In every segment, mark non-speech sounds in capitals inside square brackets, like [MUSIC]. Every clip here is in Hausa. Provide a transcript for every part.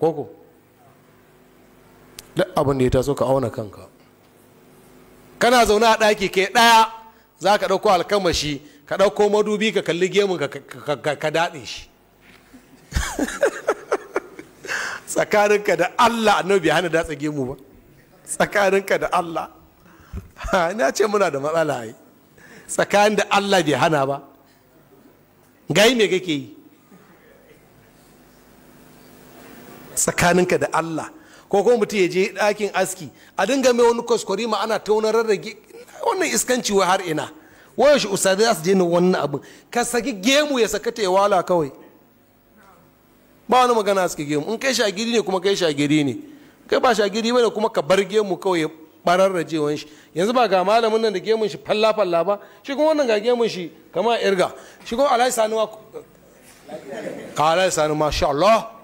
koko duk abin da ya taso ka auna kanka kana zaune a ɗaki ke ɗaya za ka ɗauko alkamashi ka ɗauko madubi ka kalli gemun ka daɗe shi [LAUGHS] tsakaninka da allah annabi hana datsa gemu ba tsakaninka da allah na ce muna da matsala yi tsakanin da allah bai hana ba gai me kake yi tsakaninka da Allah ko kuma mutum ya je ɗakin aski a dinga mai wani kwaskwari ma ana ta wani rarrage wannan iskanci wai har ina wayo shi usadi za su je wannan abin ka saki gemu ya saka ta ya wala kawai ba wani magana suke gemu in kai shagiri ne kuma kai shagiri ne kai ba shagiri bane kuma ka bar gemu kawai ya bararraje wani shi yanzu ba ga malamin nan da gemun shi falla falla ba shi kuma wannan ga gemun shi kama irga shi kuma alhaji sanuwa alhaji sanuwa masha Allah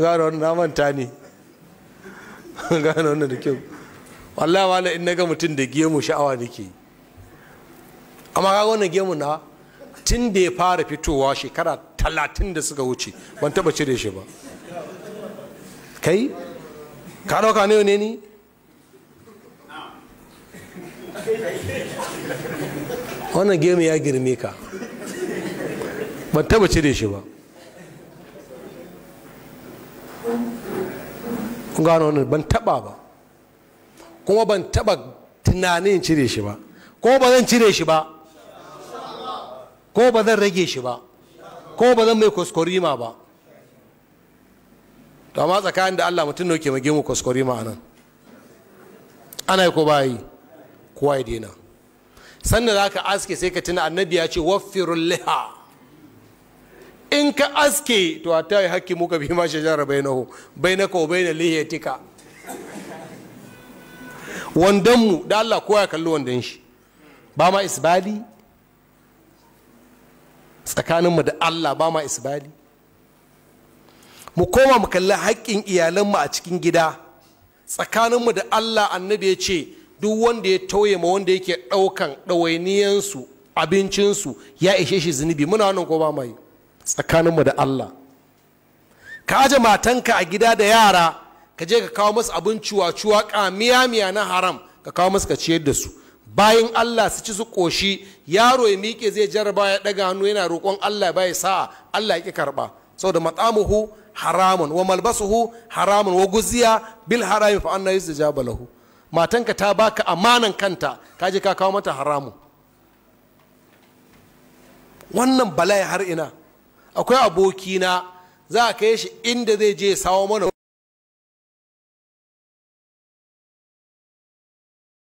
gano wannan na manta ne gano wannan da kyau wallahi wala in naga mutum da gemu sha'awa nake amma ga wannan gemu na tun da ya fara fitowa shekara talatin da suka wuce ban taba cire shi ba kai ka dauka ne ne ni wannan gemu ya girme ka ban taba cire shi ba kun gano wannan ban taba ba kuma ban taba tunanin cire shi ba ko ba zan cire shi ba ko ba zan rage shi ba ko ba zan mai kuskurima ba to amma tsakanin da Allah mutum ke mage mu kuskurima anan ana ko ba yi kowa ya daina sannan za ka aske sai ka tuna annabi ya ce waffirul liha in ka aske to a ta yi haƙƙi muka bi ma shajara bai nahu bai na kawo bai da liyatika wandonmu da allah kowa ya kalli wandon shi ba ma isbali tsakaninmu da allah ba ma isbali mu koma mu kalli haƙƙin iyalanmu a cikin gida tsakaninmu da allah annabi ya ce duk wanda ya tauye ma wanda yake ɗaukan ɗawainiyansu abincinsu ya ishe shi zunubi muna wannan ko ba ma yi tsakaninmu da allah ka aje matanka a gida da yara ka je ka kawo masu abin cuwa-cuwa miya na haram ka kawo masu ka ciyar da su bayan allah su ci su koshi yaro ya miƙe zai jarraba ya daga hannu yana roƙon allah ya ya sa'a allah ya ƙi karɓa saboda matsamuhu haramun wa malbasuhu haramun wa guziya bil harami fa anna yusjaba lahu matanka ta baka amanan kanta ka je ka kawo mata haramun wannan bala'i har ina akwai abokina za a kai shi inda zai je sawo mana